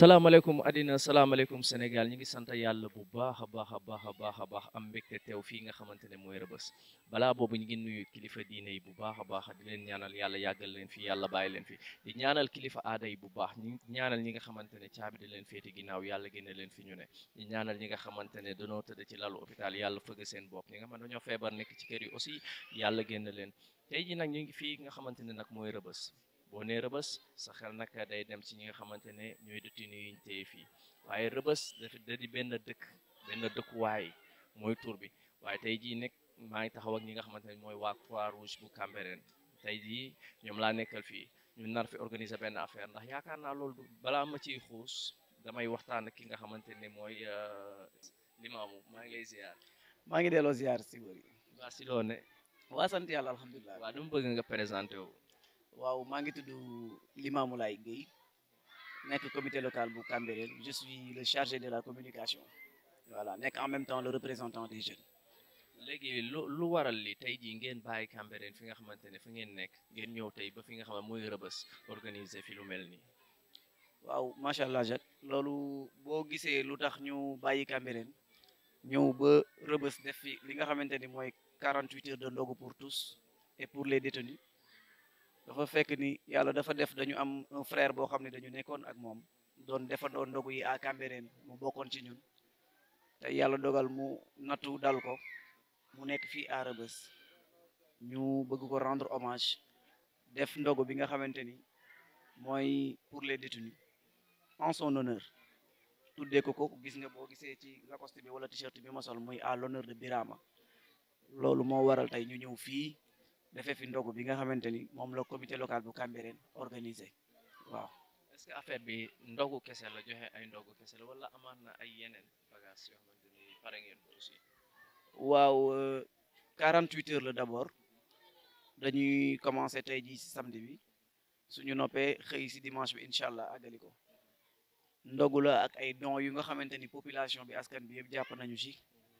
salaamaaleykum àddina salaamaaleykum Sénégal ñu ngi sant yàlla bu baax a baax a baax a baax a baax am mbégte teew fii nga xamante ne mooy rëbës balaa boobu ñu ngi nuyu kilifa diine bu baax a baax di leen ñaanal yàlla yàggal leen fii yàlla bàyyi leen fi di ñaanal kilifa aada bu baax ñu ñaanal ñi nga xamante ne caabi da leen féete ginnaaw yàlla génne leen fi ñu ne di ñaanal ñi nga xamante ne danoo tëdd ci lalu hôpital yàlla fëgg seen bopp ñi nga xam ne dañoo feebar nekk ci kër yi aussi yàlla génne leen tey ji nag ñu ngi fii nga xamante ne nag mooy rëbës boo rebes rëbës sa xel nag day dem ci ñinga xamantene ñoy dutti ñuy détenu fi waye fii def da di dekk ben dekk way moy tour bi waye tay ji nek ma ngi taxaw ak ñinga xamantene moy wa croix rouge bu Cambérène tay ji ñom la nekkal fi ñu nar fi organiser ben affaire ndax yaakaar naa ya kan, nah, loolu bala ma ci xoos damay waxtaan ak ki nga xamante ne mooy eh, limaamu ngi lay ziar. ma ngi delloo ziar ci ne. sant yalla alhamdullilah wa dum bëgg nga présenter wu. waaw maa ngi tudd Limamoulaye Gueye nekk comité local bu Cambérène je suis le chargé de la communication voilà nekk en même temps le représentant des jeunes. léegi lu lu waral li tey jii ngeen bàyyi Cambérène fi nga xamante ne fi ngeen nekk ngeen ñëw tey ba fi nga xam ne mooy organiser fi lu mel nii. waaw macha allah Jacques loolu boo gisee lu tax ñu bàyyi Cambérène ñëw ba rëbës def fi li nga xamante ni 48 heures de logo pour tous et pour les détenus. dafa fekk ni yàlla dafa def dañu am un frère boo xam ne dañu nekkoon ak moom doon defandoo ndogu yi à Cambérène mu bokkoon ci ñun te yàlla dogal mu nattu dal ko mu nekk fii à Rebeuss ñu bëgg ko rendre hommage def ndogu bi nga xamante ni mooy pour les détenus en son honneur tuddee ko ko gis nga boo gisee ci lacoste bi wala t-shirt bi ma sol muy à l'honneur de Birama loolu moo waral tey ñu ñëw fii defee fi ndogu bi nga xamanteni mom moom la comité local bu Cambérène organisé waaw. est-ce que affaire bi ndogu kese la joxe ay ndogu kese la wala amana ay yenen bagage yoo xamante ni pare ngeen ko aussi. waaw 48 euh, heures le d'abord dañuy commencer tay jii samedi bi suñu noppé xey ci dimanche bi inshallah agaliko ndogu la ak ay dons yu nga xamanteni population bi askan bi yeb japp nañu ci.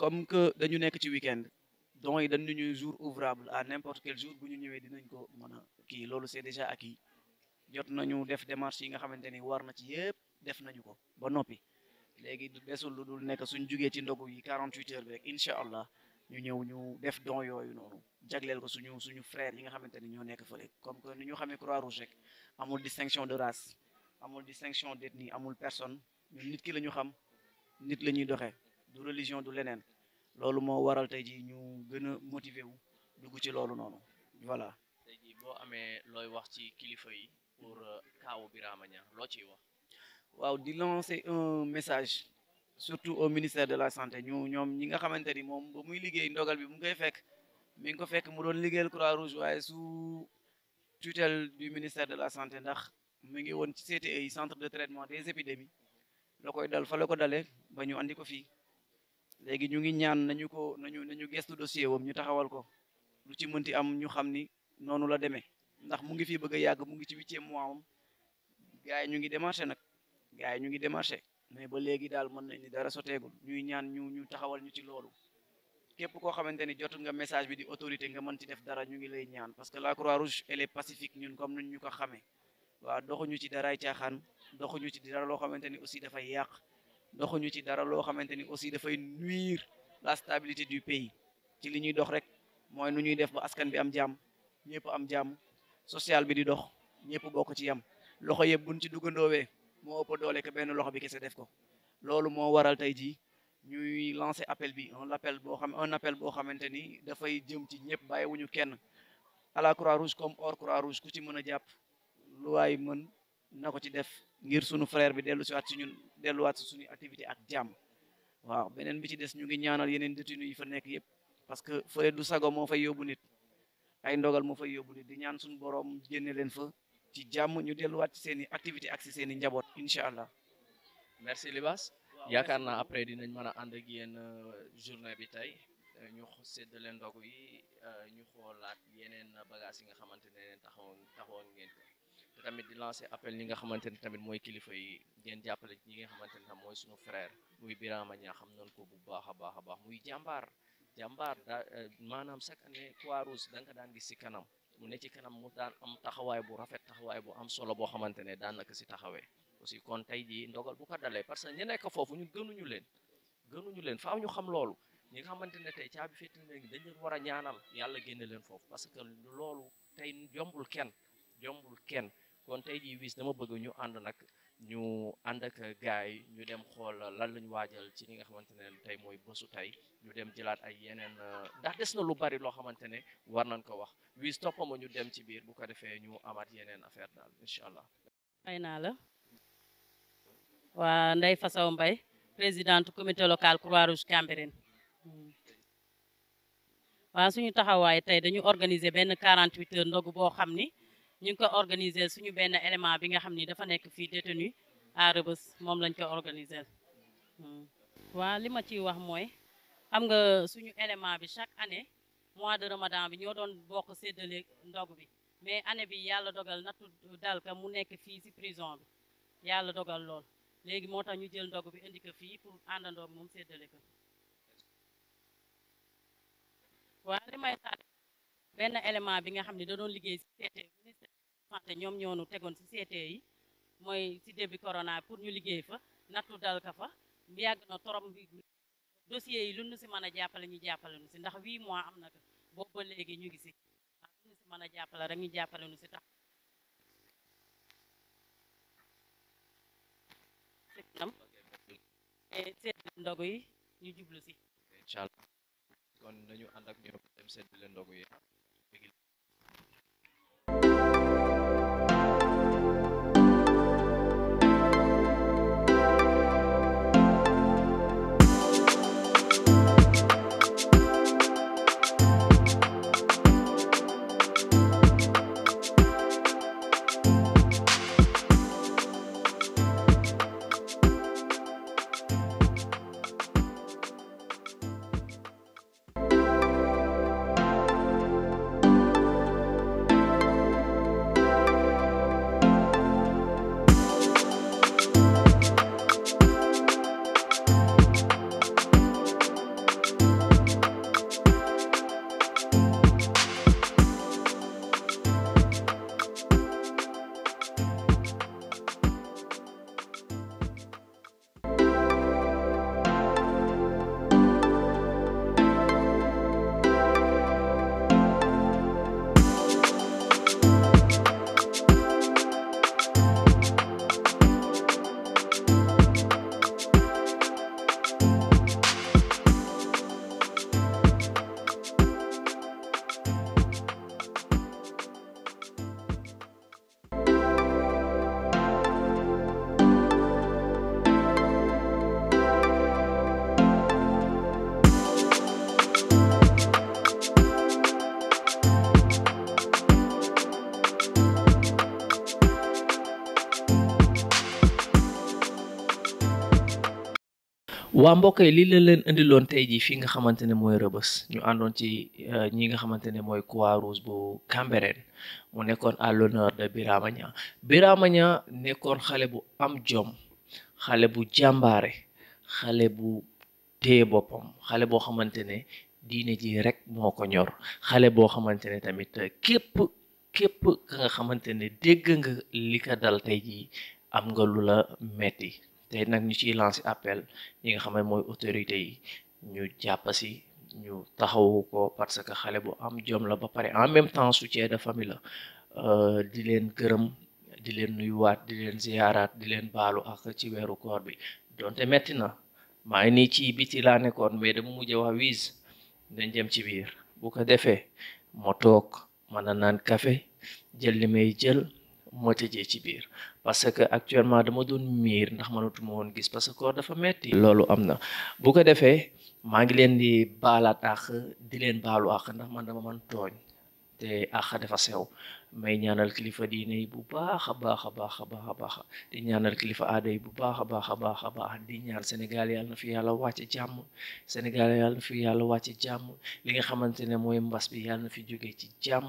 comme que dañu nek ci weekend end don yi dañ ñuy jour ouvrable à n'importe quel jour bu ñu ñëwee dinañ ko mëna ki lolu c'est déjà acquis jot nañu def démarche yi nga xamanteni war na ci yépp def nañu ko ba nopi légui du desul lu dul nek suñu jugee ci ndogu yi 48 heures rek inshallah ñu ñëw ñu def don yoyu nonu jaglél ko suñu suñu frère yi nga xamanteni ni nek nekk fële comme que ñu xamé croix rouge rek amul distinction de race amul distinction d'ethnie amul personne ñun nit ki lañu xam nit lañuy doxé du religion du que waral ñu motiver wu ci voilà. wax ci kilifa pour euh, wax. waaw lancer un message surtout au ministère de la santé ñu ñom ñi nga xamanteni mom bu muy liggéey ndogal bi mu ngi fekk mi ngi ko fekk mu doon liggéeyal croix rouge waaye sous tutelle du ministère de la santé ndax mi ngi woon ci e centre de traitement des épidémies la koy dal fa la ko dalee ba ñu andi ko fii. léegi ñu ngi ñaan nañu ko nañu nañu gestu dossier wam ñu taxawal ko lu ci mënti am ñu xam ni noonu la demee ndax mu ngi fi bëgg a mu ngi ci huitième mois am gars yi ñu ngi démarché nag gars yi ñu ngi démarché mais ba léegi daal mën nañ ni dara soteegul ñuy ñaan ñu ñu taxawal ñu ci loolu képp koo xamante ni jot nga message bi di autorité nga mën ci def dara ñu ngi lay ñaan parce que la croix rouge elle est ñun comme nuñ ñu ko xamee waaw doxuñu ci daraay caaxaan doxuñu ci dara loo xamante ni aussi dafay yàq ñu ci dara loo xamante ni aussi dafay nuire la stabilité du pays ci li ñuy dox rek mooy nu ñuy def ba askan bi am jàmm ñëpp am jàmm social bi di dox ñëpp bokk ci yam loxo yëpp buñ ci duggandoowee moo ëpp doole que benn loxo bi kese def ko loolu moo waral tey jii ñuy lancer appel bi on appel boo xam un appel boo xamante ni dafay jëm ci ñëpp bàyyiwuñu kenn à la croix rouge comme or croix rouge ku ci mën a lu mën na ci def ngir sunu frère bi dellu si waat si ñun delluwaat si suñu activité ak jàmm waaw beneen bi ci des ñu ngi ñaanal yeneen détenu yi fa nekk yëpp parce que fële du sago moo fay yóbbu nit ay ndogal moo fay yóbbu nit di ñaan suñu borom génne leen fa ci jàmm ñu delluwaat ci seen i activité ak si seen i njaboot incha allah. merci Libaas yaakaar naa après dinañ mën a ànd ak yéen euh, journée bi tey euh, ñu séddale leen ndogu yi euh, ñu xoolaat yeneen bagages yi nga xamante ne taxawoon taxawoon ngeen ko. tamit di lancer appel ñi nga xamanteni tamit moy kilifa yi ngeen jappale ñi nga xamanteni ne moy suñu frère muy Birama ñaa xam noonu ko bu baaxa baaxa baax muy jambar jambar euh, manam chaque année da nga daan gis ci kanam mu ne ci kanam mu daan am taxaway bu rafet taxaway bu am solo bo xamanteni daan daanaka ci taxawé aussi kon tay ji ndogal bu ko dalé parce que ñi nekk fofu ñu gënuñu leen gënuñu leen faaw ñu xam loolu ñi nga xamanteni tay ci abi fétti leen dañ leen wara ñaanal yalla génne leen fofu parce que loolu jombul kenn jombul kenn kon tey jii wis dama bëgg ñu ànd nag ñu ànd ak gars yi ñu dem xool lan la ñu waajal ci li nga xamante ne tey mooy bésu tey ñu dem jëlaat ay yeneen euh, ndax des na lu bari loo xamante ne war nañ ko wax wis toppama ñu dem ci biir bu ko defee ñu amaat yeneen affaire daal incha allah. ay naa la waa Ndeye Fassaw mbay présidente comité local Croix-Rouge Cambérène waa suñu taxawaay tey dañu organiser benn 48 heures ndogu boo xam ni. ñu ngi ko organiser suñu benn élément bi nga xam ni dafa nekk fii détenu à Rebeuss moom lañ ko organiser hmm. waa li ma ciy wax mooy xam nga suñu élément bi chaque année mois de ramadan bi ñoo doon bokk séddale ndog bi mais année bi yàlla dogal nattu dalka mu nekk fii ci prison bi yàlla dogal lool léegi moo tax ñu jël ndog bi indi ko fii pour àndandoo moom séddale ko waa li may benn élément bi nga xam ne da doon liggéey ci seete santé ñoom ñoonu tegoon si seetee yi mooy si début corona pour ñu liggéey fa nattu dal ka fa yàgg na torom bi dossiers yi lu nu si mën a jàppale ñu jàppale nu si ndax huit mois am na ko ñu ngi si ndax mën a jàppale rek ñu jàppale si tax eh, ndogu yi ñu jublu si incha allah kon nañu ànd ak ñoom dem leen ndogu yi waa mbokk yi lii la leen indiloon tey jii fi nga xamante ne mooy rëbës ñu àndoon ci euh, ñi nga xamante ne mooy croix rouge bu Cambérène mu nekkoon à l'honneur de Birama Niang Birama Niang nekkoon xale bu am jom xale bu jàmbaare xale bu téye boppam xale boo xamante ne diine ji rek moo ko ñor xale boo xamante ne tamit képp képp ka nga xamante ne dégg nga li ko dal tey jii am nga lu la metti te nag ñu ciy lancé appel ñi nga xam mooy autorité yi ñu jàpp si ñu taxawu ko parce que xale bu am jom la ba pare en même temps soutien de famille la euh, di leen gërëm di leen nuyuwaat di leen ziyaaraat di leen baalu ak ci weeru koor bi donte metti na maa ngi nii ci biti laa nekkoon mais dama mujj wax wiis dañ jëm ci biir bu ko defee ma toog mën naan kafe jël li may jël moo ci jee ci biir parce que actuellement dama doon miir ndax mënatuma woon gis parce que koor dafa metti loolu am na bu ko defee maa ngi leen di baalaat àq di leen baalu àq ndax man dama man tooñ te àq dafa sew may ñaanal kilifa diine yi bu baax a baax a baax a baax a baax di ñaanal kilifa aada yi bu baax a baax a baax a baax di ñaan Sénégal yàlla na fi yàlla wàcc jàmm Sénégal yàlla na fi yàlla wàcce jàmm li nga xamante ne mooy mbas bi yàlla na fi jógee ci jàmm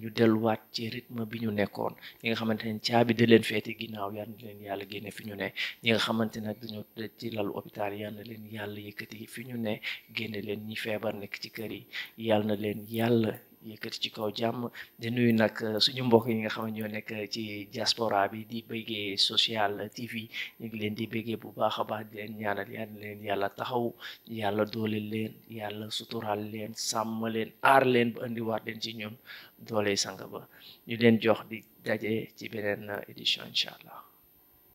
ñu delluwaat ci rythme bi ñu nekkoon ñi nga xamante ne caabi da leen féete ginnaaw yal na leen yàlla génne fi ñu ne ñi nga xamante nag dañoo ci lalu hôpital yal na leen yàlla yëkkati fi ñu ne génne leen ñi feebar nekk ci kër yi yal na leen yàlla yëkkati iya, ci kaw jàmm di nuyu nag eh, suñu mbokk yi nga xam ñoo nekk ci diaspora bi di bëggee social tv ñu ngi leen di bëggee bu baax a baax di leen ñaanal yàlla leen yàlla taxaw yàlla doole leen yàlla sutural leen sàmm leen aar leen ba waat leen ci ñun doole sang ba ñu leen jox di daje ci beneen eh, édition incha allah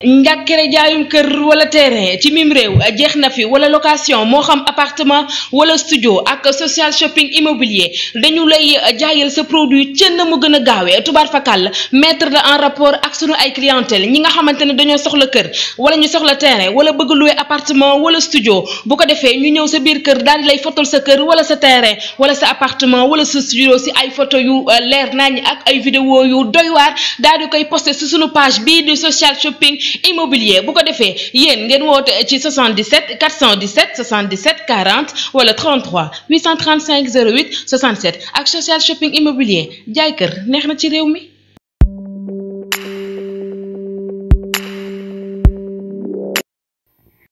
njàkkere jaayum kër wala terrain ci mim réew jeex fi wala location mo xam appartement wala studio ak social shopping immobilier dañu lay jaayel sa produit cën mu gën a gaawee fakal maître de en rapport ak suñu ay clientèle ñi nga xamante dañu soxla kër wala ñu soxla terrain wala bëgg louer appartement wala studio bu ko défé ñu ñëw sa biir kër dal lay fotol sa kër wala sa terrain wala sa appartement wala sa studio si ay photo yu euh, leer nañ ak ay vidéo yu doy waar dal di koy poster ci suñu page bi di social shopping immobilier bu de faits, Yen, ngeen woote 77 417 77 40 wala 33 835 08 67 ak social shopping immobilier jaay kër